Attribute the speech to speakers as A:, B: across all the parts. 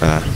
A: Uh,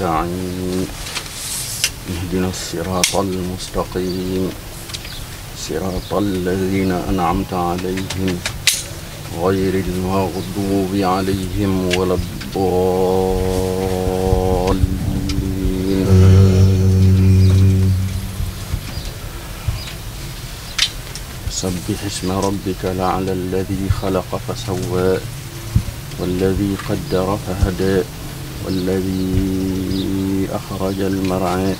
B: نستعين اهدنا الصراط المستقيم صراط الذين أنعمت عليهم غير المغضوب عليهم ولا الضالين سبح اسم ربك لعلى الذي خلق فسوى والذي قدر فهدى والذي أخرج المرعى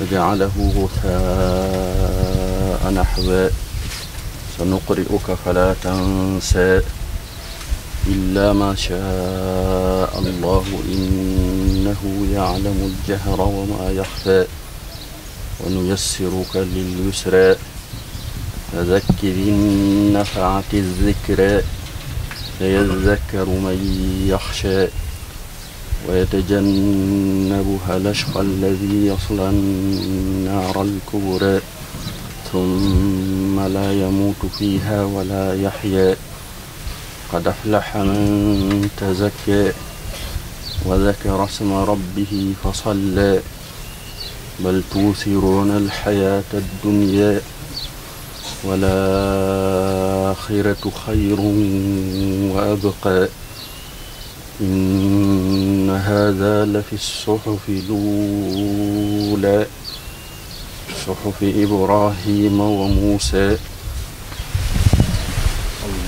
B: فجعله غثاء نحوا سنقرئك فلا تنسى إلا ما شاء الله إنه يعلم الجهر وما يخفى ونيسرك لليسرى فذكر إن نفعت الذكرى سيذكر من يخشى ويتجنبها الأشقى الذي يصلى النار الكبرى ثم لا يموت فيها ولا يحيا قد أفلح من تزكى وذكر اسم ربه فصلى بل توثرون الحياة الدنيا والآخرة خير وأبقى إن هذا لفي الصحف الأولى صحف إبراهيم وموسى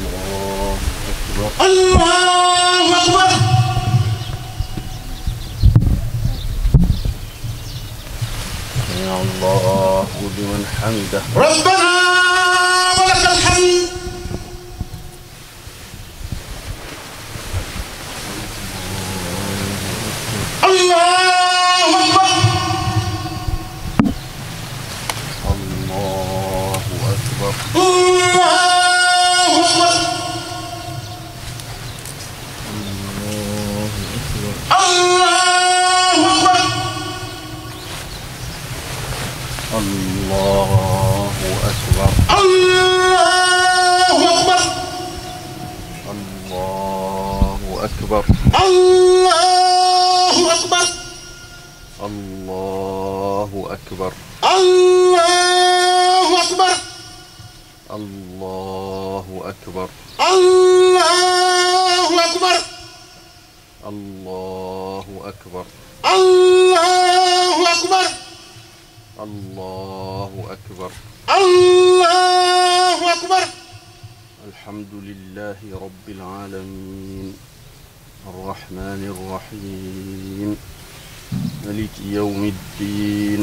B: الله أكبر
A: الله أكبر
B: سمع الله لمن حمده ربنا
A: ولك الحمد الله أكبر
B: الله أكبر الله أكبر
A: الله أكبر
B: الله أكبر الله أكبر الله أكبر الله أكبر الحمد لله رب العالمين الرحمن الرحيم ملك يوم الدين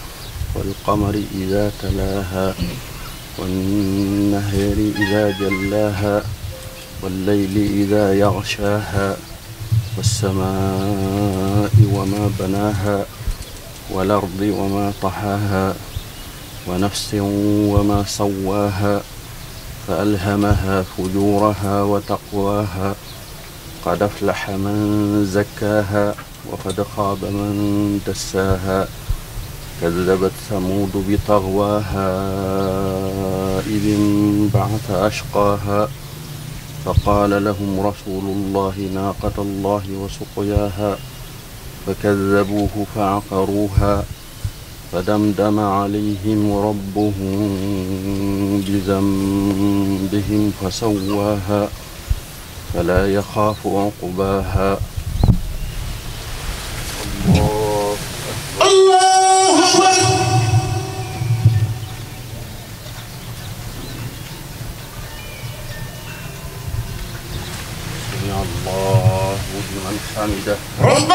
B: والقمر إذا تلاها والنهر إذا جلاها والليل إذا يغشاها والسماء وما بناها والأرض وما طحاها ونفس وما سواها فألهمها فجورها وتقواها قد أفلح من زكاها وقد خاب من دساها كذبت ثمود بطغواها إذ انبعث أشقاها فقال لهم رسول الله ناقة الله وسقياها فكذبوه فعقروها فدمدم عليهم ربهم بذنبهم فسواها فلا يخاف عقباها да. Просто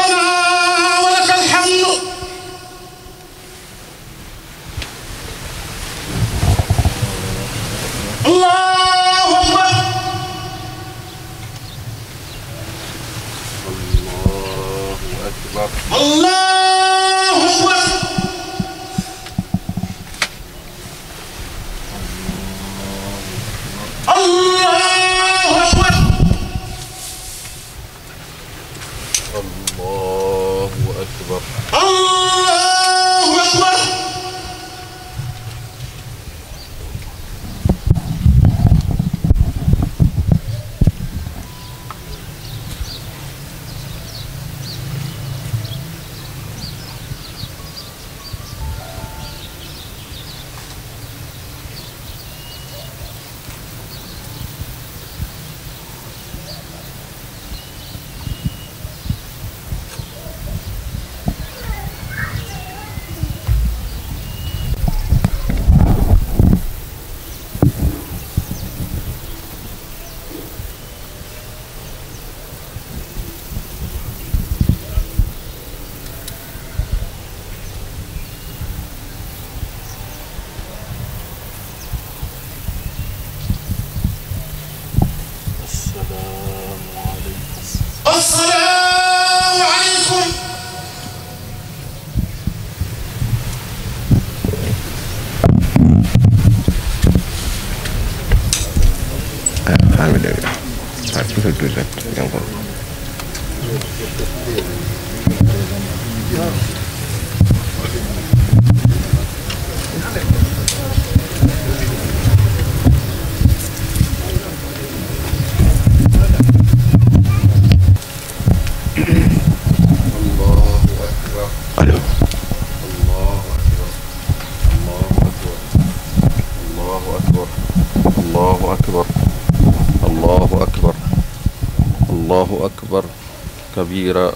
B: كبيرا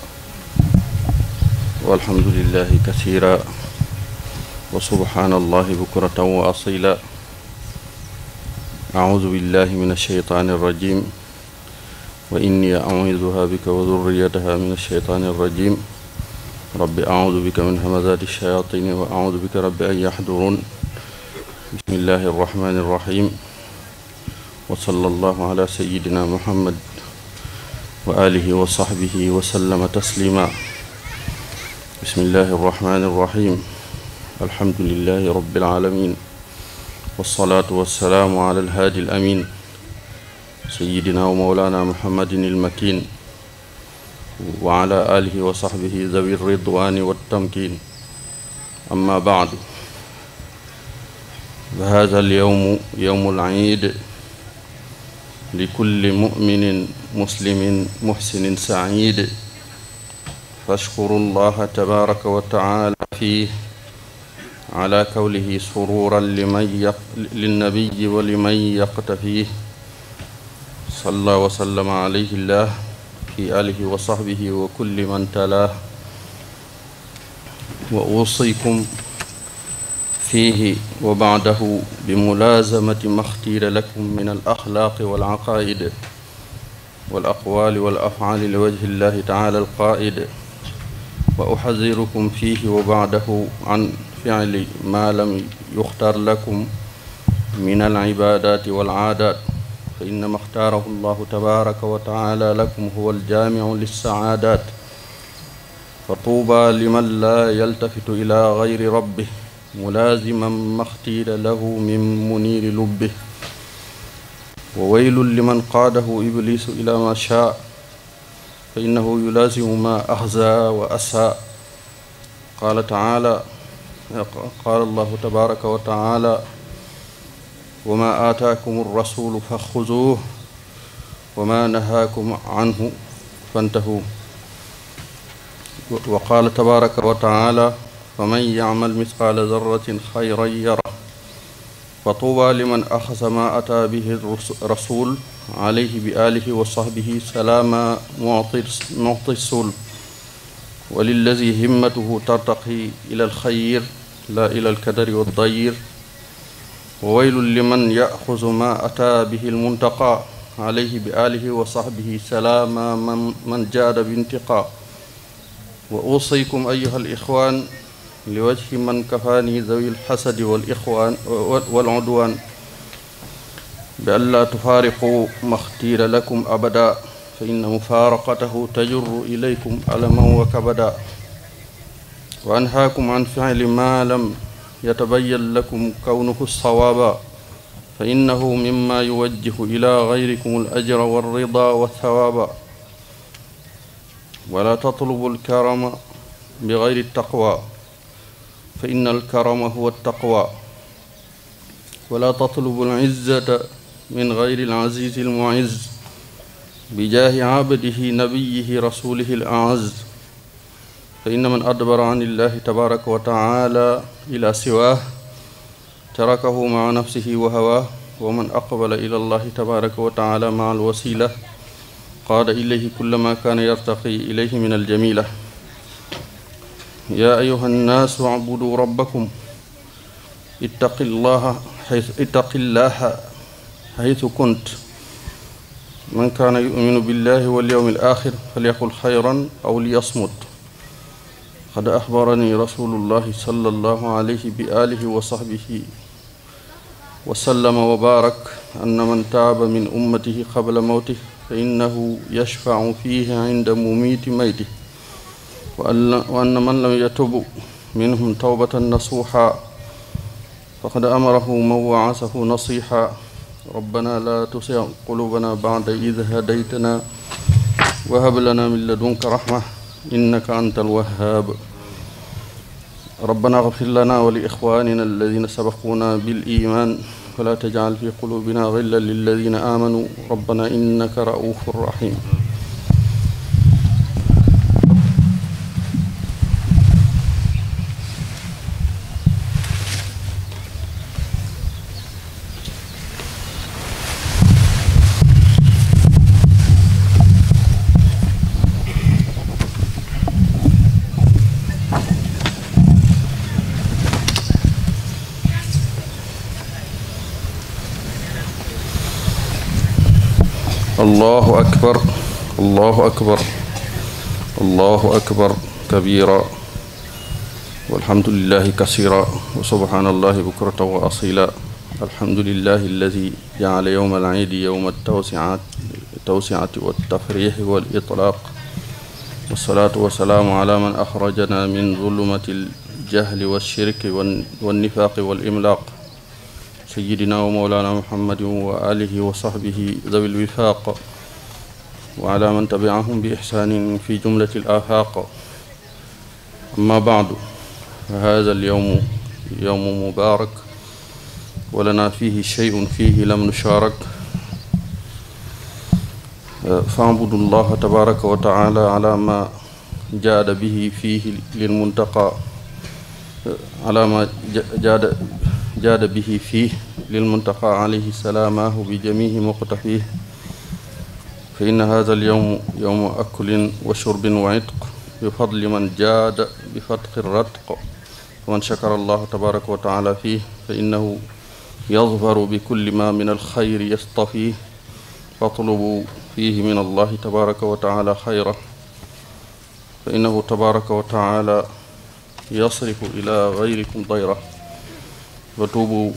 B: والحمد لله كثيرا وسبحان الله بكرة وأصيلا أعوذ بالله من الشيطان الرجيم وإني أعوذها بك وذريتها من الشيطان الرجيم رب أعوذ بك من همزات الشياطين وأعوذ بك رب أن يحضرون بسم الله الرحمن الرحيم وصلى الله على سيدنا محمد وآله وصحبه وسلم تسليما بسم الله الرحمن الرحيم الحمد لله رب العالمين والصلاة والسلام على الهادي الأمين سيدنا ومولانا محمد المكين وعلى آله وصحبه ذوي الرضوان والتمكين أما بعد فهذا اليوم يوم العيد لكل مؤمن مسلم محسن سعيد فاشكروا الله تبارك وتعالى فيه على كوله سرورا لمن يق... للنبي ولمن يقتفيه صلى وسلم عليه الله في آله وصحبه وكل من تلاه وأوصيكم فيه وبعده بملازمة ما اختير لكم من الأخلاق والعقائد والأقوال والأفعال لوجه الله تعالى القائد وأحذركم فيه وبعده عن فعل ما لم يختار لكم من العبادات والعادات فإنما اختاره الله تبارك وتعالى لكم هو الجامع للسعادات فطوبى لمن لا يلتفت إلى غير ربه ملازما ما اختير له من منير لبه وويل لمن قاده إبليس إلى ما شاء فإنه يلازم ما أهزى وأساء قال تعالى قال الله تبارك وتعالى وما آتاكم الرسول فخذوه وما نهاكم عنه فانتهوا وقال تبارك وتعالى فمن يعمل مثقال ذرة خيرا يره فطوبى لمن أخذ ما أتى به الرسول عليه بآله وصحبه سلام معطي السول وللذي همته ترتقي إلى الخير لا إلى الكدر والضير وويل لمن يأخذ ما أتى به المنتقى عليه بآله وصحبه سلام من جاد بانتقاء وأوصيكم أيها الإخوان لوجه من كفاني ذوي الحسد والإخوان والعدوان بأن لا تفارقوا ما اختير لكم أبدا فإن مفارقته تجر إليكم ألما وكبدا وأنهاكم عن فعل ما لم يتبين لكم كونه الصوابا فإنه مما يوجه إلى غيركم الأجر والرضا والثواب ولا تطلبوا الكرم بغير التقوى فإن الكرم هو التقوى ولا تطلب العزة من غير العزيز المعز بجاه عبده نبيه رسوله الأعز فإن من أدبر عن الله تبارك وتعالى إلى سواه تركه مع نفسه وهواه ومن أقبل إلى الله تبارك وتعالى مع الوسيلة قاد إليه كل ما كان يرتقي إليه من الجميلة يا أيها الناس اعبدوا ربكم اتق الله حيث اتق الله حيث كنت من كان يؤمن بالله واليوم الآخر فليقل خيرا أو ليصمت قد أخبرني رسول الله صلى الله عليه بآله وصحبه وسلم وبارك أن من تاب من أمته قبل موته فإنه يشفع فيه عند مميت ميته وأن من لم يتب منهم توبة نصوحا فقد أمره من وعسه نصيحا ربنا لا تسع قلوبنا بعد إذ هديتنا وهب لنا من لدنك رحمة إنك أنت الوهاب ربنا اغفر لنا ولإخواننا الذين سبقونا بالإيمان ولا تجعل في قلوبنا غلا للذين آمنوا ربنا إنك رؤوف رحيم الله أكبر الله أكبر كبيرا والحمد لله كثيرا وسبحان الله بكرة وأصيلا الحمد لله الذي جعل يوم العيد يوم التوسعة والتفريح والإطلاق والصلاة والسلام على من أخرجنا من ظلمة الجهل والشرك والنفاق والإملاق سيدنا ومولانا محمد وآله وصحبه ذوي الوفاق وعلى من تبعهم بإحسان في جملة الآفاق أما بعد فهذا اليوم يوم مبارك ولنا فيه شيء فيه لم نشارك فاعبدوا الله تبارك وتعالى على ما جاد به فيه للمنتقى على ما جاد جاد به فيه للمنتقى عليه السلام آه، بجميع مقتفيه فإن هذا اليوم يوم أكل وشرب وعتق بفضل من جاد بفتق الرتق ومن شكر الله تبارك وتعالى فيه فإنه يظفر بكل ما من الخير يصطفيه فاطلبوا فيه من الله تبارك وتعالى خيره فإنه تبارك وتعالى يصرف إلى غيركم ضيره وتوبوا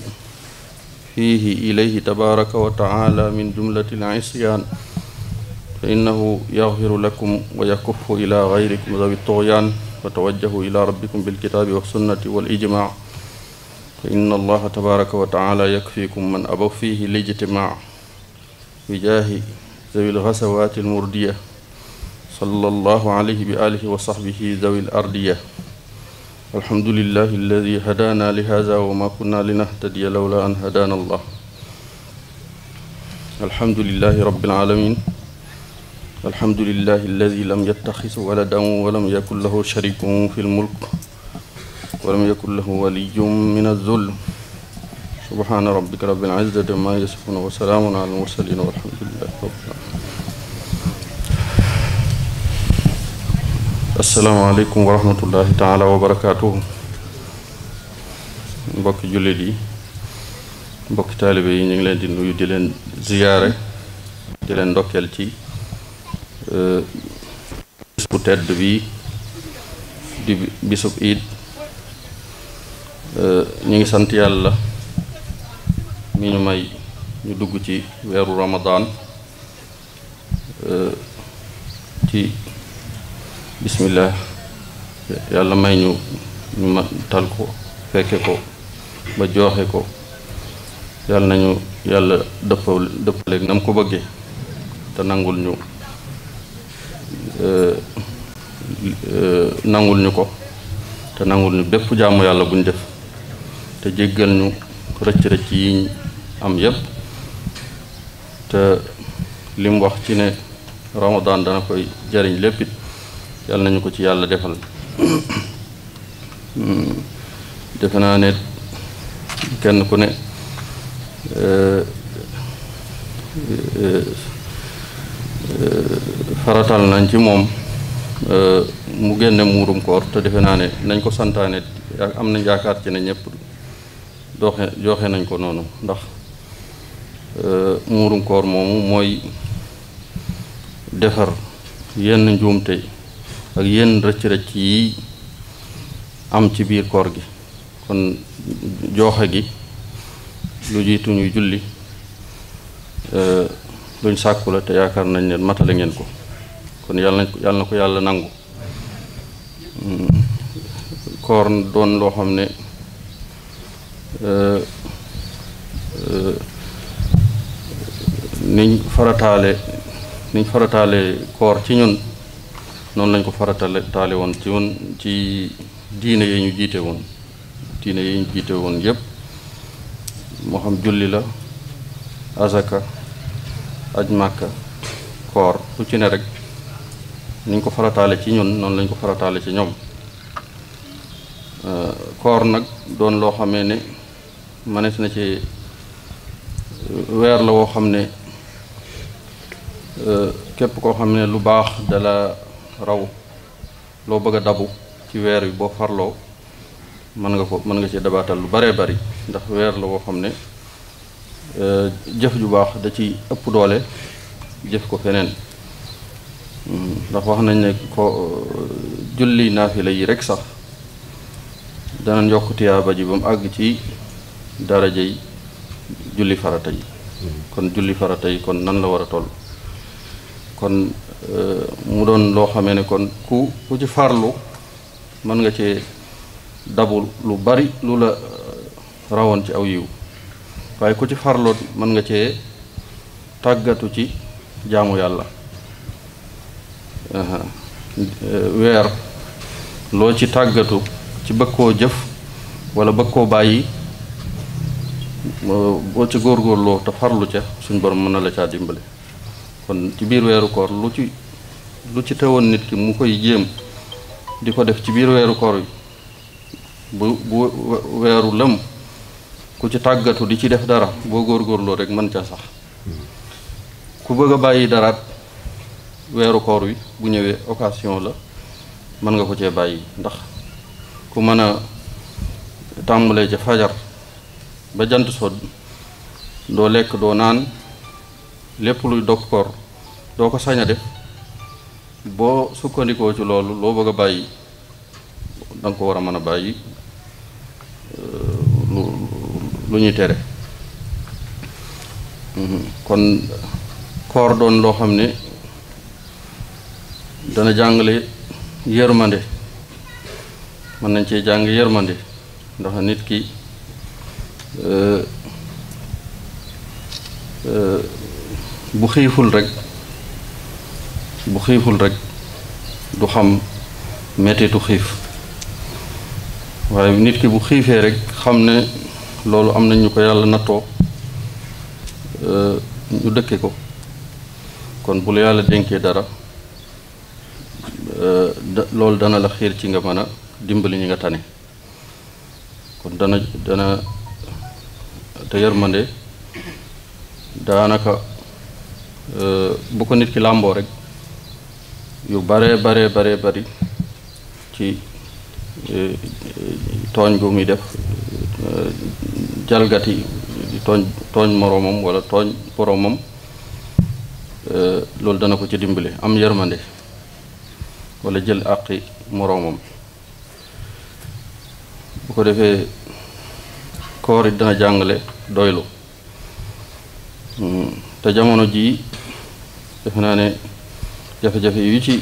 B: فيه إليه تبارك وتعالى من جملة العصيان فإنه يغفر لكم ويكف إلى غيركم ذوي الطغيان فتوجهوا إلى ربكم بالكتاب والسنة والإجماع فإن الله تبارك وتعالى يكفيكم من أبو فيه الاجتماع بجاه ذوي الغسوات المردية صلى الله عليه بآله وصحبه ذوي الأردية الحمد لله الذي هدانا لهذا وما كنا لنهتدي لولا أن هدانا الله الحمد لله رب العالمين الحمد لله الذي لم يتخذ ولدا ولم يكن له شريك في الملك ولم يكن له ولي من الذل سبحان ربك رب العزة ما يصفون وسلام على المرسلين والحمد لله رب العالمين السلام عليكم ورحمة الله تعالى وبركاته بك جلدي بك mbokki taalibe yi دي ngi leen di nuyu di bis eh, bu tedd bi di bisub id eh, ñi ngi sant yalla mi ñu may ñu dugg ci weeru ramadaan eh, ci bismillah yalla may ñu ñu tal ko fekke ko ba joxe ko yalla nañu yàlla deppal dëppaleeg nam ko bëgge te nangul ñu Euh, euh, nangul ñu ko te nangul ñu bépp jaamu yàlla bu ñu def te jéggal nu rëcc-rëcc yi am yépp te lim wax ci ne ramadan dana koy jariñ léppit yàlla nañu ko ci yàlla defal hmm. defe naa ne kenn ku ne euh, faratal nañ ci moom euh, mu génne muurum koor te defe naa ne nañ ko santaane am nañ yaakaar ci ne ñëpp doxe joxe nañ ko noonu ndax euh, muurum koor moomu mooy defar yenn njuumte ak yenn rëcc-rëcc yi am ci biir koor gi kon joxe gi lu jiitu ñuy julli euh, luñ sàkku la te yaakaar nañ ne matale ngeen ko kon yàlla na yàlla na ko yàlla nangu hmm. koor doon loo xam ne euh, euh, niñ farataale niñ farataale koor ci ñun noon lañ ko faratale taale woon ci woon ci diine yi ñu jiite woon diine yi ñu jiite woon yépp moo xam julli la azaka aj màkka koor lu ci ne rekk niñ ko farataale ci ñun noonu lañu ko farataale ci ñoom euh, koor nag doon loo xamee ne mënees na cee weer la woo xam ne euh, képp koo xam ne lu baax dala raw loo bëgg a dabu ci weer wi boo farloo mën nga ko mën nga cee dabaatal lu baree bari ndax weer la woo xam ne euh, jëf ju baax da ci ëpp doole jëf ko feneen ndax wax nañ ne ko euh, julli naafila yi rek sax danañ yokk tiyaaba ji ba mu àgg ci daraja yi julli farata yi kon julli farata yi kon nan la war a tool kon euh, mu doon loo xamee ne kon ku ku ci farlu mën nga cee dabu lu bari lu la euh, rawoon ci aw yiw waaye ku ci farloot mën nga cee tàggatu ci jaamu yàlla weer loo ci tàggatu ci bëgg koo jëf wala bëgg koo bàyyi boo ci góorgóorloo te farlu ca suñ borom mën na la caa dimbale kon ci biir weeru koor lu ci lu ci teewoon nit ki mu koy jéem di ko def ci biir weeru koor yi bu bu weeru lëm ku ci tàggatu di ci def dara boo góor góorloo rek mën ca sax hmm. ku bëgg a bàyyi daraat weeru koor wi bu ñëwee occasion la mën nga ko cee bàyyi ndax ku mën a tàmbalee ca fajar ba jant so doo lekk doo naan lépp luy dog koor doo ko saña a def boo sukkandikoo ci loolu loo bëgg a bàyyi da ko war a mën a bàyyi euh, lu lu ñuy tere kon koor doon loo xam ne dana jàngale yërmande mën nañ cee jàng yërmande ndax nit ki euh, euh, bu xiiful rek bu xiiful rek du xam metetu xiif waaye nit ki bu xiifee rek xam ne loolu am na ñu ko yàlla nattoo euh, ñu dëkke ko kon bu la yàlla dénkee dara loolu dana la xiir ci nga mën a dimbali ni nga tane kon dana dana te yërmande daanaka euh, bu ko nit ki làmboo rek yu baree baree baree bari ci euh, tooñ bu muy def euh, jalgati di tooñ tooñ moroomam walla tooñ boroomam loolu dana ko ci dimbali am yërmande walla jël àqi moroomam bu ko defee koor it dana jàngale doylu hmm, te jamono jii defe naa ne jafe-jafe yu ci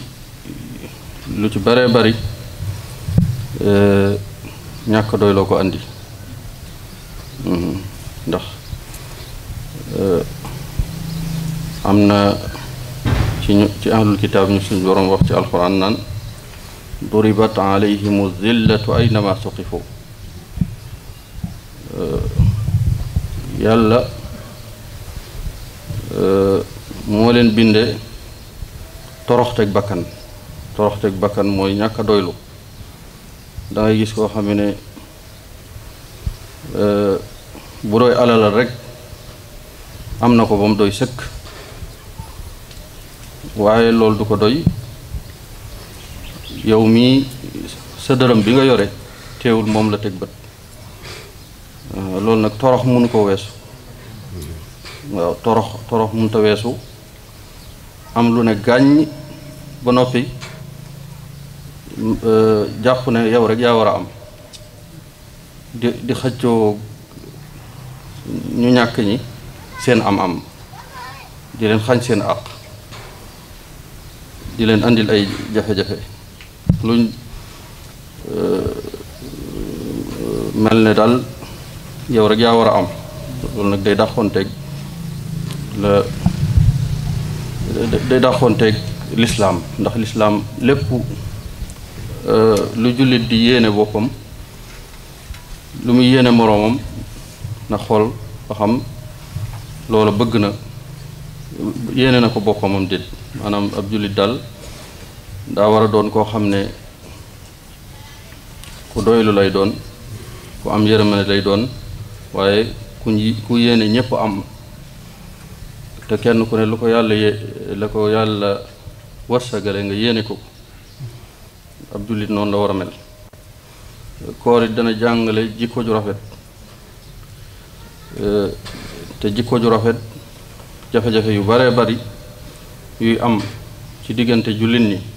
B: lu ci baree bari eh, ñàkk doyloo ko andi hmm, ndax eh, am na ci ñu ci ahlul kitaab ñu suñu borom wax ci alquran naan duribat alayhimu zillatu aynama foofu yàlla moo leen binde toroxteg bakkan toroxteg bakkan mooy ñàkk a doylu da gis koo xam ne bu doy alalal rek am na ko ba mu doy sëkk waaye loolu du ko doy yow mii sa dërëm bi nga yore teewul moom la teg bët euh, loolu nag torox mënu ko weesu waaw torox torox mënut a weesu am lu ne gàññ ba noppi euh, jàpp ne yow rek yaa war a am di di xëccoo ñu ñàkk ñi seen am am di leen xañ seen àq di leen andil ay jafe-jafe luñ euh, mel ne daal yow rek yaa war a am loolu nag day dàqoonteeg la day dàqoonteeg lislaam ndax lislaam lépp euh, lu jullit di yéene boppam lu muy yéene moroomam na xool ba xam loola bëgg na yéene na ko boppamam déet maanaam ab jullit daal daa war a doon koo xam ne ku doylu lay doon ku am yërmande lay doon waaye ku ku yéene ñépp am te kenn ku ne lu ko yàlla yé la ko yàlla warsagale nga yéene ko ab jullit noonu la war a mel koor dana jàngale jikko ju rafet te jikko ju rafet jafe-jafe yu baree bari yuy am ci diggante jullit ni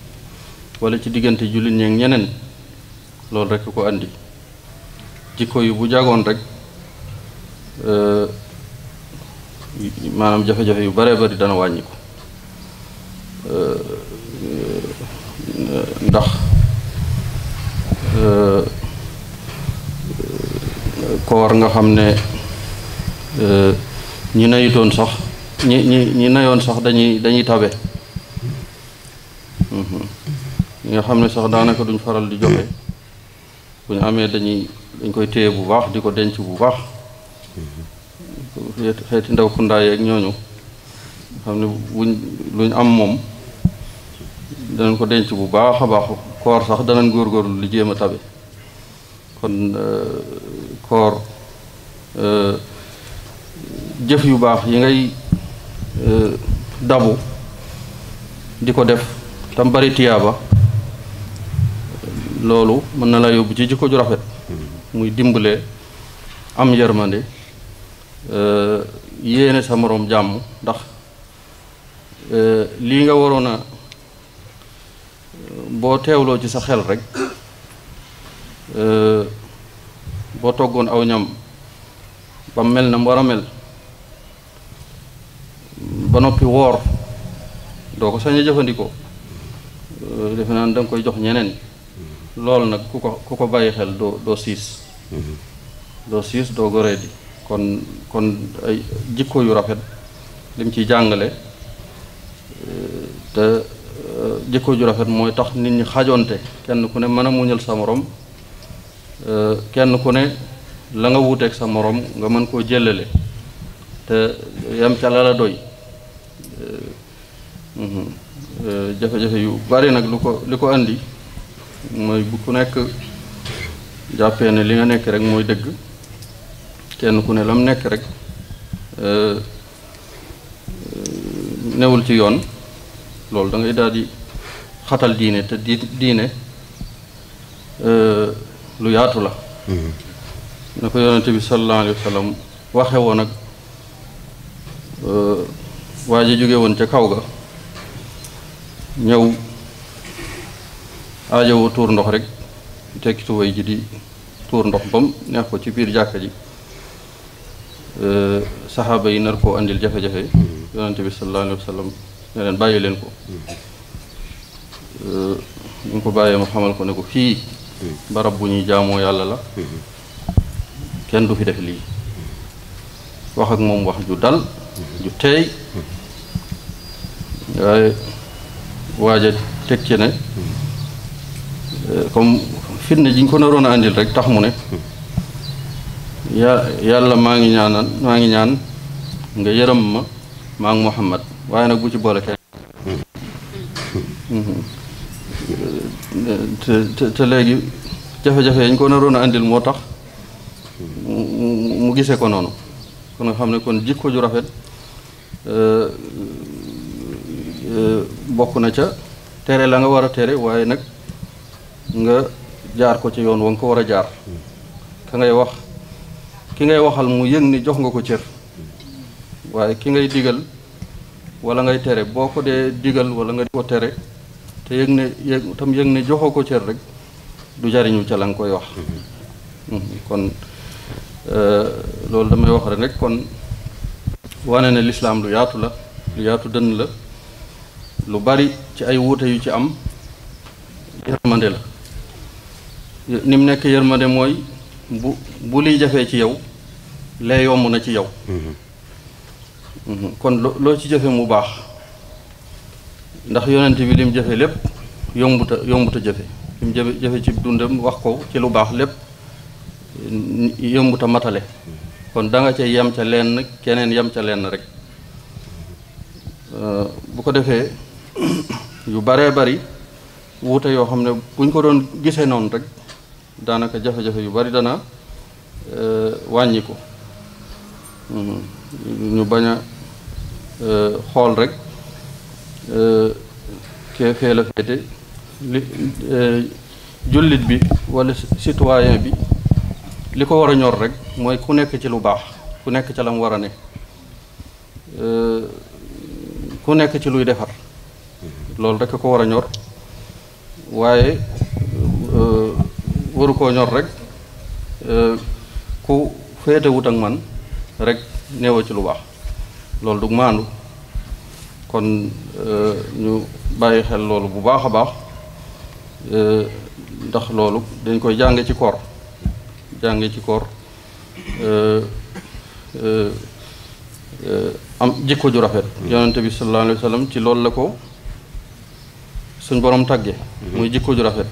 B: wala ci diggante jullit ñi ñeneen loolu rek ko andi jikko yu bu jagoon rek euh, maanaam jafe-jafe yu baree bari dana wàññiku euh, ndax euh, koor nga xam ne ñi nayutoon sax ñi ñi ñi nayoon sax dañuy dañuy tabe mm-hmm. ñi nga xam ne sax daanaka duñ faral di joxe bu ñu amee dañuy dañ koy téye bu baax di ko denc bu baax xeeti ndaw kundaay ak ñooñu xam ne buñ luñ am moom danañ ko denc bu baax a baaxu koor sax danañ góorgóorlu li jéem a tabe kon euh, koor euh, jëf yu baax yi ngay euh, dabu di ko def tam bari tiyaaba lolu mën na la yobbu ci jikko ju rafet hmm. muy dimbalé am euh yéene sa morom jamm ndax eh, li nga warona eh, bo tewlo ci sa xel rek bo togon aw ñam ba mel na mu mel ba nopi wor do ko sañu a euh defe dang koy jox ñeneen loolu nag ku ko ku ko bàyyi xel doo doo siis mhm. doo siis doo goree kon kon ay jikko yu rafet lim ci jàngale te eh, jikko ju rafet mooy tax nit ñi xajonte kenn ku ne mën a muñal sa morom eh, kenn ku ne la nga wuuteeg sa morom nga mën koo jëlale te yam ca la la eh, mhm. jafe-jafe yu bari nag lu ko li ko andi mooy bu ku nekk jàppee ne li nga nekk rek mooy dëgg kenn ku ne lam nekk rek euh, euh, newul ci yoon loolu da ngay daal xatal diine te di diine euh, lu yaatu la mm-hmm. na ko yonente bi sallallahu alayhi wa waxe woon ak waa ji jóge woon ca kaw ga ñëw aajowoo tuur ndox rek tekki tubéy ji di tuur ndox bam neex ko ci biir jàkka ji saxaaba yi nar koo andil jafe-jafe mm-hmm. yonente bi sallallahu alayhi wa ne leen bàyyi leen ko mm-hmm. ñu ko bàyyee ma xamal ko ne ko fii mm-hmm. barab bu ñuy jaamoo yàlla la kenn du fi def lii wax ak moom wax ju dal ju teey waaye waaja teg ci ne comme fitna jiñ ko naroon a àndil rek tax mu ne ya yàlla maa ngi ñaanal maa ngi ñaan nga yërëm ma maa ngi Muhammad waaye nag bu ci boole kenn mm-hmm. Mm-hmm. léegi jafe-jafe ko naroon a àndil moo tax mu gisee ko noonu kon nga xam ne kon jikko ju rafet euh, euh, bokk na ca tere la nga war a tere waaye nag nga jaar ko ci yoon wa nga ko war a jaar ka ngay wax ki ngay waxal mu yëg ni jox nga ko cër waaye ki ngay digal wala ngay tere boo ko dee digal wala nga di ko tere te yëg ne yëg tam yëg ne joxoo ko cër rek du jariñu ca la nga koy wax mm-hmm. kon euh, loolu damay wax rek nekk kon wane ne lislaam lu yaatu la lu yaatu dënn la lu bari ci ay wuute yu ci am yërmande la ni mu nekk de mooy bu bu liy jafee ci yow lee yomb na ci yow mm-hmm. Mm-hmm. kon loo ci jafe mu baax ndax yonent bi lim jafe lépp yombuta yombuta jëfe lim jëfe jëfe ci dundam wax ko ci lu baax lépp yombuta matale mm-hmm. kon danga nga ca yem ca lenn keneen yem ca lenn rek euh, bu ko defee yu baree bari wuute yoo xam ne buñ ko doon gisee noonu rek daanaka jafe-jafe yu bari dana euh, wàññiku hmm. ñu bañ a euh, xool rek euh, kee fee la féete jullit bi wala citoyen bi li ko war a ñor rek mooy ku nekk ci lu baax ku nekk ca lam mu war a ne ku nekk ci luy defar hmm. loolu rek ko war a ñor waaye waru koo ñor rek euh, ku féetewut ak man rek néewa ci lu baax loolu du maandu kon euh, ñu bàyyi xel loolu bu baax a baax euh, ndax loolu dañ koy jànge ci koor jànge ci koor am jikko ju rafet mm-hmm. yonente bi sallallahu alayhi wa ci loolu la ko suñ borom tàgge mm-hmm. muy jikko ju rafet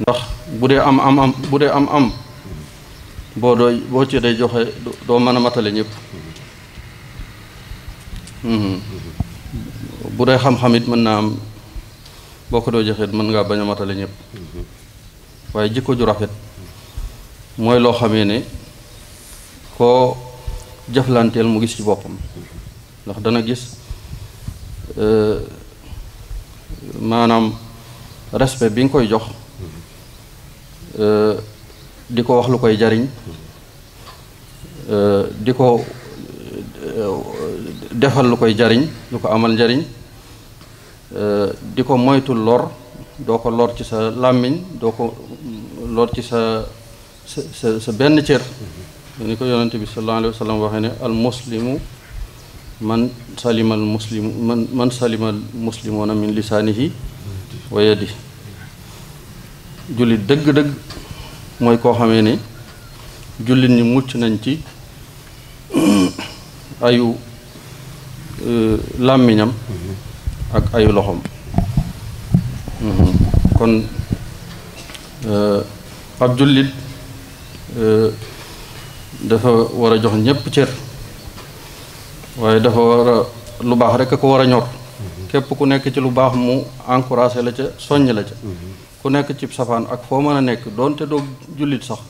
B: ndax budé am am am budé am am bo do bo ci day joxe mata mëna matalé ñëpp hmm budé xam xamit mëna mata am boko ko joxe mën nga baña matalé ñëpp waye jikko ju rafet moy lo xamé né ko jëflantel mu gis ci bopam ndax dana gis eh, manam respect bi nga koy jox Euh, di ko wax lu koy jariñ euh, di ko euh, defal lu koy jariñ lu ko amal njariñ di ko moytu lor doo ko lor ci sa làmmiñ doo ko lor ci sa sa sa sa benn cër mm-hmm. ni ko yonente bi sallallahu alayhi wa sallam waxee ne al muslimu man salima al muslimu man man salima al muslimuna min lisaanihi wa yadihi Juli deug deug moy ko ini, ne ni ñi mucc nañ ci ayu euh, lamiñam mm-hmm. ak ayu loxom mm-hmm. kon euh, ab euh dafa wara jox ñepp cër waye dafa wara lu baax rek nyor, ko wara ñor mm-hmm. képp ku nekk ci lu baax mu encourager la ca soñ la ca ku nek ci safaan ak fo meuna nek donte do julit sax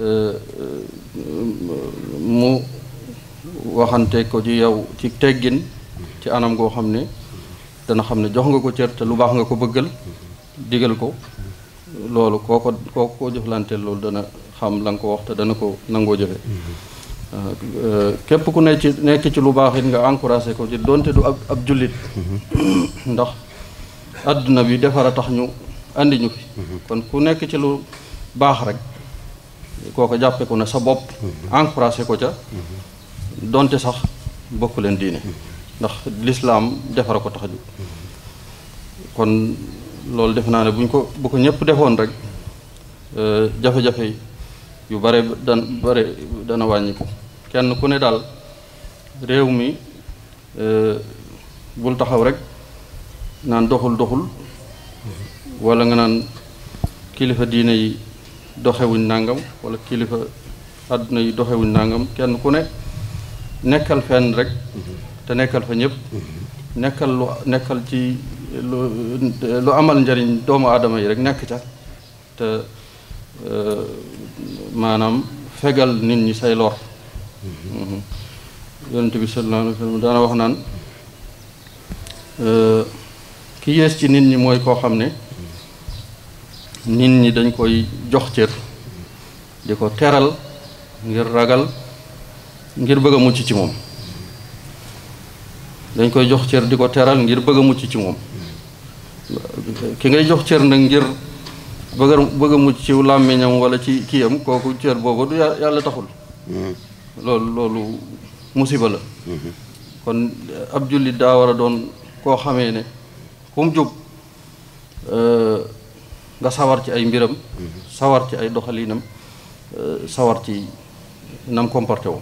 B: euh mu waxante ko ci yow ci teggin ci anam go xamne ne dana xamne ne jox nga ko ciir te lu bax nga ko beugal digal ko loolu koko ko koo koo jëflante dana xam lang ko wax te dana ko nango jëfe eh, kep ku ne ci nek ci lu bax nga encourager ko ci donte du ab julit mm-hmm. ndax aduna bi defara tax ñu andi ñu fi mhm. kon ku nekk ci lu baax rek kooko jàppe ko na sa bopp mhm. encouragé ko ca mhm. donte sax bokk leen diine ndax lislaam defara ko tax a kon loolu def naa ne buñ ko bu ko ñëpp defoon rek e, jafe-jafe yu bare dan bare dana wàññiku kenn ku ne daal réew mi e, bul taxaw rek naan doxul doxul wala nga naan kilifa diine yi doxewuñ nangam wala kilifa àdduna yi doxewuñ nangam kenn ku ne nekkal fenn rek mhm. te nekkal fa ñëpp mhm. nekkal lu nekkal ci lu amal njariñ doomu aadama yi rek nekk ca te euh, maanaam fegal nit ñi say lor mhm. yonent bi sallallahu alayhi wa sallam daana wax naan euh, ki yées ci nit ñi mooy koo xam ne nit ñi dañ koy jox cër di ko teral ngir ragal ngir bëgg a mucc ci moom dañ koy jox cër di ko teral ngir bëgg a mucc ci moom ki ngay jox cër nag ngir bëgg a bëgg a mucc ci làmmiñam wala ci kiyam kooku cër boobu du yàlla taxul hmm. loolu loolu musiba la hmm. kon ab jullit daa war a doon koo xamee ne fu mu jub euh, nga sawar ci ay mbiram sawar ci ay doxalinam sawar ci nam comporté wu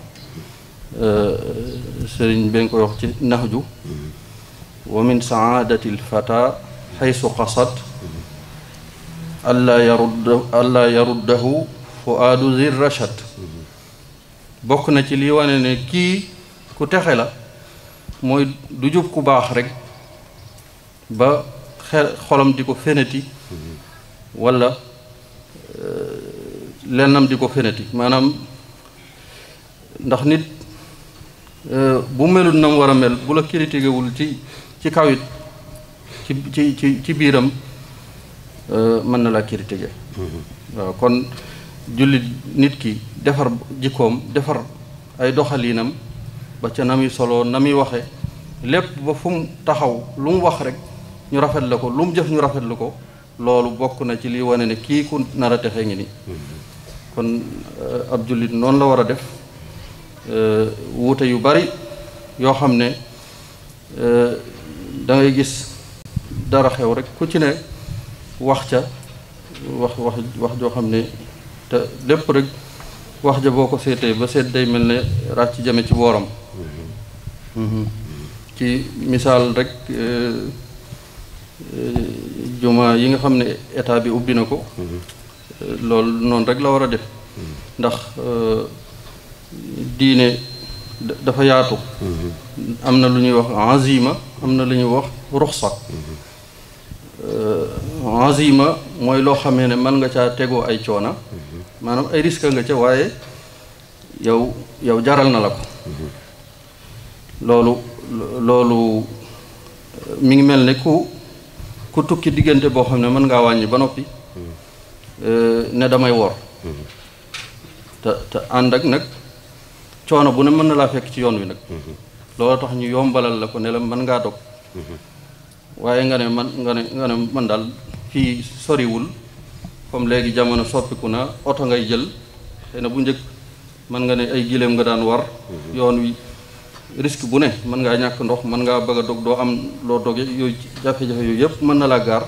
B: sëriñ ben ko wax ci nahju wa min saadati fata haythu qasad alla yarud alla yaruddahu fuadu zir rachad bokk na ci li wane ne ku la du ku rek ba xolam feneti wala euh, lennam di ko feneti maanaam ndax nit euh, bu melut nam war a mel bu la critiquewul ci ci kawit ci ci ci ci biiram euh, mën na laa critiqué mm-hmm. waaw kon jullit nit ki defar jikkoom defar ay doxaliinam ba ca na muy soloo na muy waxe lépp ba fu mu taxaw lu mu wax rek ñu rafet la ko lu mu jëf ñu rafet la ko loolu bokk na ci li wane ne kii ku nar a texe ngi ni kon euh, ab jullit noonu la war a def euh, wuute yu bari yoo xam ne euh, da ngay gis dara xew rek ku ci ne wax ca wax wax wax joo xam ne te lépp rek wax ja boo ko seetee ba seet day mel ne ràcc jame ci booram mm-hmm. Mm-hmm. ci misaal rek Euh, juma yi nga xam ne état bi ubbi na ko mm-hmm. loolu noonu rek la war a def mm-hmm. ndax euh, diine dafa yaatu mm-hmm. am na lu ñuy wax azima am na lu ñuy wax ruxsa azima euh, mooy loo xamee ne mën nga caa tegoo ay coona maanaam ay risque nga ca waaye yow yow jaral na la ko loolu loolu mi ngi mel ne ku ku tukki digënté bo xamné ne mën ngaa wàññi ba euh né damay wor ta ta ànd ak nag coono bu ne mën na fekk ci yoon wi nak loolu tax ñu yombalal la ko né la mën nga dog waye nga né man nga né nga né man fi sori soriwul comme légui jamono soppiku na auto ngay jël xëy bu nga né ay gilem nga daan war mhm. yoon wi risque bu ne mën ngaa ñàkk ndox mën ngaa bëgg a dog doo am loo doge yooyu jafe-jafe yooyu yëpp mën na laa gaar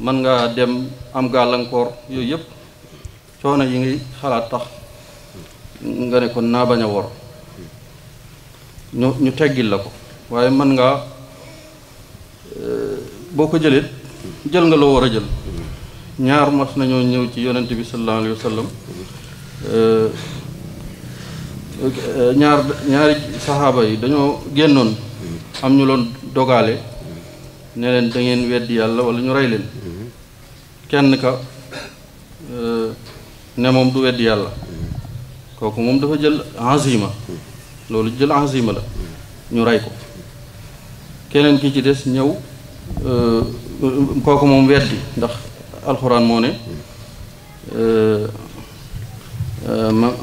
B: mën ngaa dem am gàllankoor yooyu yëpp coono yi ngi xalaat tax nga ne kon naa bañ a wor ñu ñu teggil la ko waaye mën ngaa eh, boo ko jëlee jël nga loo war a jël ñaar mas nañoo ñëw ci yonent bi sallallahu alayhi wa sallam eh, Euh, ñaar ñaari saxaaba yi dañoo génnoon am ñu loon dogaale ne leen da ngeen weddi yàlla wala ñu rey leen kenn ka euh, ne moom du wedd yàlla kooku moom dafa jël azima loolu jël azima la ñu rey ko keneen ki ci des ñëw euh, kooku moom weddi ndax alxuraan moo ne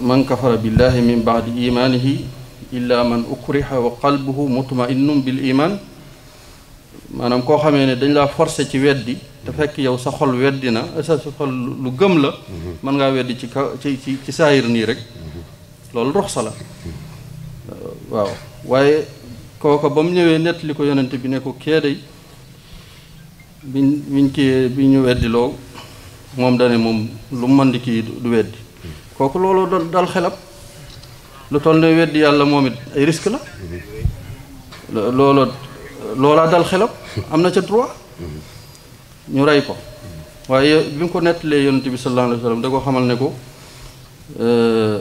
B: من كفر بالله من بعد إيمانه إلا man ukriha wa qalbuhu mutma'innun bil iman maanaam koo xamee ne dañ laa forcé ci weddi te fekk yow sa xol weddi na sa xol lu gëm la mën ngaa weddi ci kaw ci ci ci saayir rek loolu ruxsa la waaw waaye kooka ba mu ñëwee nettali ko bi ne ko kee biñ biñ kii bi ñu weddiloo moom dane moom lu mën di du weddi kooku looloo doon dal xelab lu toll ne weddi yàlla moom it ay risque la looloo loolaa dal xelam am na ca droit ñu rey ko waaye bi mu ko nettalee yonent bi sallallahu alayhi wa da ko xamal ne ko euh,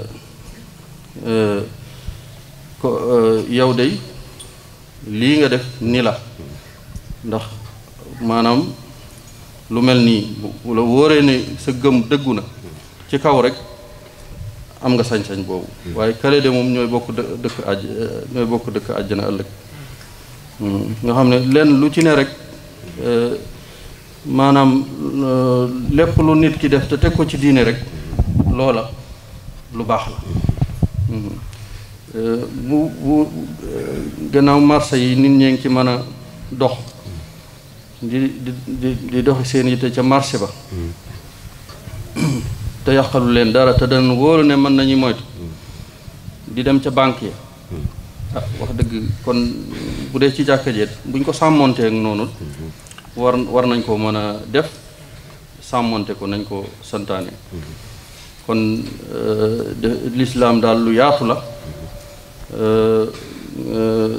B: euh, ko euh, yow day lii nga def ni la ndax maanaam lu mel nii bu la wóoree ne sa gëm dëggu na ci kaw rek am nga sañ-sañ boobu hmm. waaye kale de moom ñooy bokk dëkk aj ñooy bokk dëkk àjjana ëllëg hmm. nga xam ne lenn lu ci ne rek eh, maanaam eh, lépp lu nit ki def te teg ko ci diine rek loola lu baax la hmm. eh, bu bu gannaaw marché yi nit ñee ngi ci mën a dox di di di di doxi seen yitte ca marché ba te yàqalu leen dara te dañu wóolu ne mën nañu moytu hmm. di dem ca banque ya hmm. ah wax dëgg kon bu dee ci jàkka jeet buñ ko sàmmontee ak noonu hmm. war war nañ koo mën a def sàmmonte ko nañ ko santaane kon euh, lislaam daal lu yaatu la euh, euh,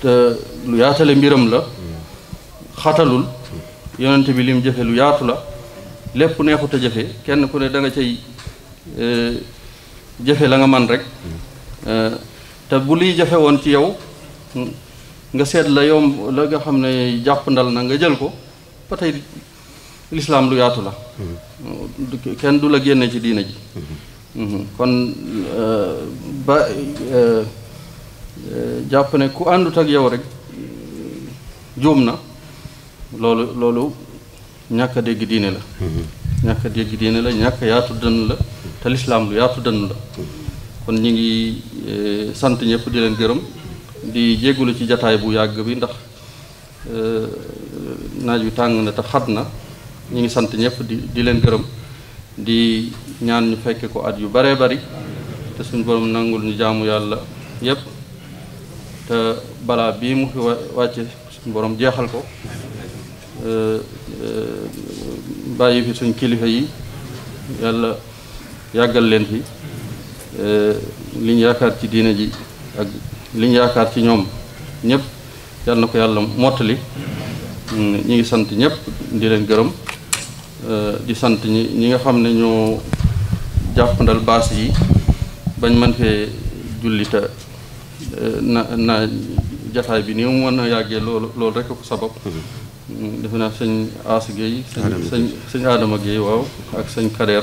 B: te lu yaatale mbiram la xatalul yonent bi lim jëfe lu yaatu la lépp neexut a jëfe kenn ku ne da nga cay e, jëfe la nga man rek hmm. e, te bu liy jafe woon ci yow nga seet la yomb la nga xam ne jàpp ndal na nga jël ko ba tey lislaam lu yaatu la hmm. kenn du la génne ci diina ji hmm. kon e, ba jàpp ne ku àndut ak yow rek juum na loolu loolu ñàkk mhm. dégg diine la ñàkk dégg diine la ñàkk yaatu dënn la te lislaam lu yaatu dënn la mhm. kon ñu ngi eh, sant ñëpp di leen gërëm di jéggulu ci jataay bu yàgg bi ndax eh, naaj wi tàng na te xat na ñu ngi sant ñëpp di di leen gërëm di ñaan ñu fekke ko at yu baree bari te suñu borom nangul ñu jaamu yàlla yépp te balaa bii mu fi wàcce suñu borom jeexal ko E, bàyyi fi suñ kilifa yi yàlla yàggal leen fi liñ yaakaar ci diine ji ak liñ yaakaar ci ñoom ñëpp yàlla ko yàlla mottali ñu ngi sant ñëpp di leen gërëm di sant ñi ñi nga xam ne ñoo jàppandal baas yi bañ mën fee jullita na na jataay bi ni mu mën a yàggee loolu loolu rekk ko sabab mm-hmm. defe naa sëñ Aas Guèye sëñ sëñ Adama Guèye waaw ak sëñ Kader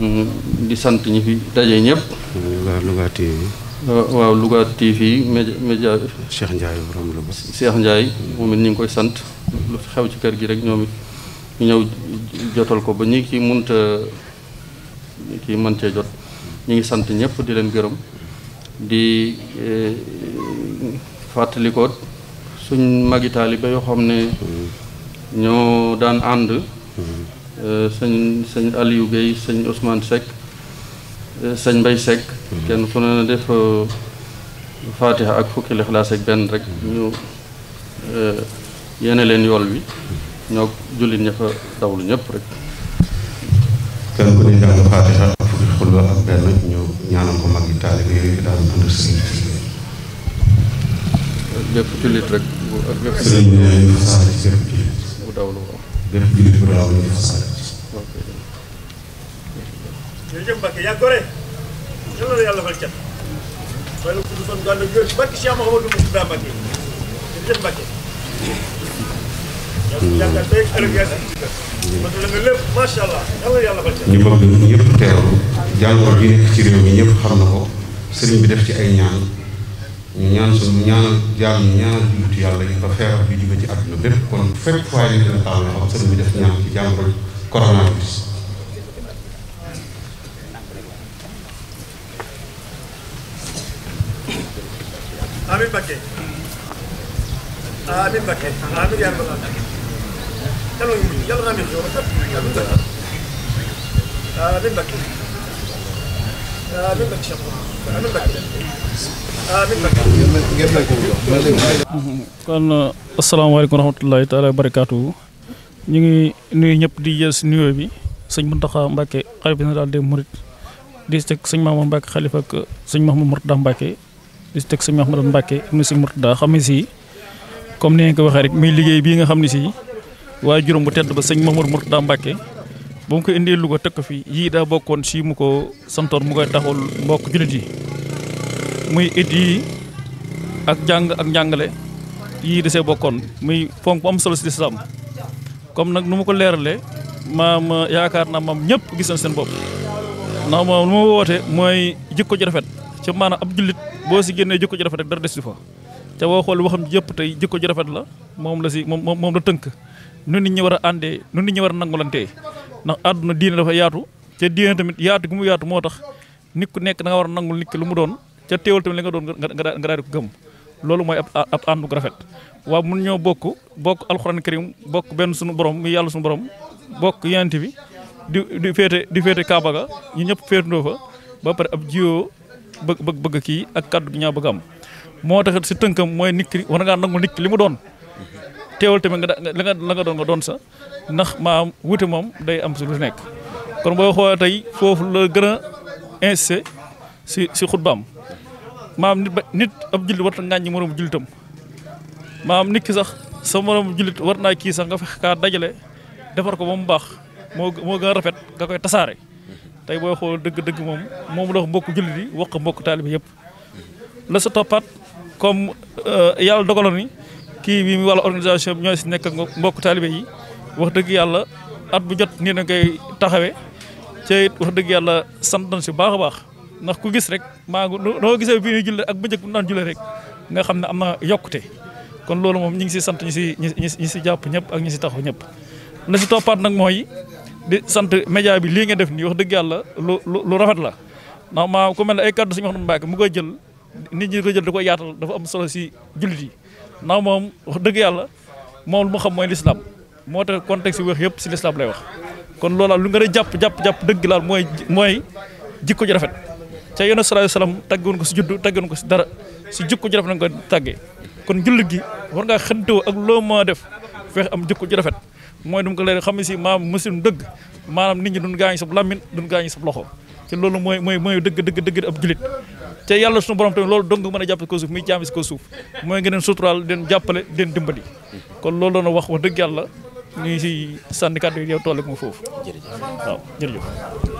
B: mm-hmm. di sant ñi fi daje ñëpp Louga TV waaw Louga TV média média Cheikh Ndiaye borom Louga Ndiaye moom it ñu ngi koy sant lu xew ci kër gi rek ñoom it ñëw jotal ko ba ñi ki munta kii mën cee jot ñu ngi sant ñëpp di leen gërëm di eh, fàttalikoot suñ magi taalibe yoo xam ne ñoo daan ànd euh, sëñ sëñ Aliou Guèye sëñ Ousmane Seck euh, sëñ mbay Seck kenn ku ne def euh, faatiha ak fukki lixlaas ak benn rek ñu yéene leen yool wi ñoo jullit ña fa dawlu ñëpp rek kenn ku ne jàng faatiha ak fukki xulwa ak benn ñu ñaanal ko mag yi taalibe yooyu daan ànd sëñ bépp jullit rek ak bépp sëriñ ñu fasaale ci bépp jullit ko bépp ci jërëjëf
C: ñu bëgg bi xam
B: na ko sëriñ bi def ci ay ñaan ñu ñaan suñu ñaanal jaam ñu ñaanal jullit yàlla yi ba feebar bi jóge ci àdduna bépp kon fépp faay yi dina taal xam sëriñ bi def ñaan ci coronavirus
A: amin bakke amin bakke amin amin
C: amin bakke amin bakke kon uh, asalaamaaleykum wa rahmatullahi taala barakaatu ñu ngi nuyu ñëpp di jël si nuyoo bi sëñ Muntaxa Mbàkke xalifa général des mourides di si teg sëñ Maama Mbàkke xalifa ak sëñ Mahamadou Murtada Mbàkke di si teg sëñ Mahamadou Mbàkke am na sëñ Murtada xam ne si comme ni ngeen ko waxee rek muy liggéey bii nga xam ne si waaye juróom bu tedd ba sëñ Mahamadou Murtada Mbàkke bu mu ko indee Louga tëkk fi yii daa bokkoon si mu ko santoon mu koy taxul mbokk jullit yi muy it yii ak jàng ak njàngale yii desee bokkoon muy fonk bu am solo si lislaam comme nag nu ma ko leeralee maam yaakaar naa maam ñëpp gis nañ seen bopp ndax moom lu ma woote mooy jikko ji rafet ci maanaam ab jullit boo si génnee jikko ji rafet rek dara des di fa te boo xool waxam yëpp tey jikko ji rafet la moom la si moom moom la tënk nu nit ñi war a àndee nu nit ñi war a nangulantee ndax na diine dafa yaatu ca diine tamit yaatu gi mu yaatu moo tax nit ku nekk da nga war a nangul nit ki lu mu doon ca teewal tamit li nga doon nga daal di ko gëm loolu mooy ab ab àndu rafet waaw mun ñoo bokk bokk alxuraan karim bokk benn suñu borom muy yàlla suñu borom bokk yent bi di di féete di féete Kaaba ga ñu ñëpp féetandoo fa ba pare ab jiyoo bëgg bëgg bëgg kii ak kaddu gi ñaa bëgg am moo tax si tënkam mooy nit ki war nga nangul nit ki li mu doon teewal tamit nga la nga doon nga doon sa ndax maam wuute moom day am si lu nekk kon boo xoolee tey foofu la gën a insisté si si xutbaam maam nit ba ab jullit war na ŋàññi moroom jullitam maam nit ki sax sa moroom jullit war naa kii sax nga fex kaa dajale defar ko ba mu baax moo moo gën a rafet nga koy tasaare tey booy xool dëgg-dëgg moom moom la mbokk jullit yi wax mbokk taalibi yëpp la sa toppaat comme euh, yàlla dogaloon kii bi wala organisation bi ñoo si nekk ak mbokk taalibe yi wax dëgg yàlla at bu jot nii na koy taxawee ca it wax dëgg yàlla sant nañ si baax a baax ndax ku gis rek maa ngi noo gisee bi ñuy julle ak bu njëkk bu rek nga xam ne am na yokkute kon loolu moom ñi ngi si sant ñi si ñi si jàpp ñëpp ak ñi si taxaw ñëpp la si nag mooy di sant média bi lii nga def nii wax dëgg yàlla lu lu rafet la ndax maa ku mel ne ay kàddu suñu wax nu Mbàkke mu koy jël nit ñi ko jël da koy yaatal dafa am solo si jullit yi ndax moom wax dëgg yàlla moom lu mu xam mooy lislaam moo tax contexte yi wax yëpp si lislaam lay wax kon loolaal lu nga a jàpp jàpp jàpp dëgg laal mooy mooy jikko ju rafet ca yonent sallallahu alayhi wasallam tàggoon ko si juddu tàggoon ko si dara si jikko ju rafet nañ ko tàggee kon jullit gi war ngaa xëntewoo ak loo ma def feex am jikko ji rafet mooy dum ko leen xam si maam muslim dëgg maanaam nit ñi duñ gaañ sab làmmiñ duñ gaañ sab loxo te loolu mooy mooy mooy dëgg dëgg dëgg ab julit te yàlla suñu borom tamit loolu dong mën a jàppale ko suuf muy jaami si ko suuf mooy nga leen suturaal leen jàppale leen dimbali kon loolu doona wax wax dëgg yàlla ñu ngi si sànni kàddu yi yow tool ak ma foofu waaw jërëjëf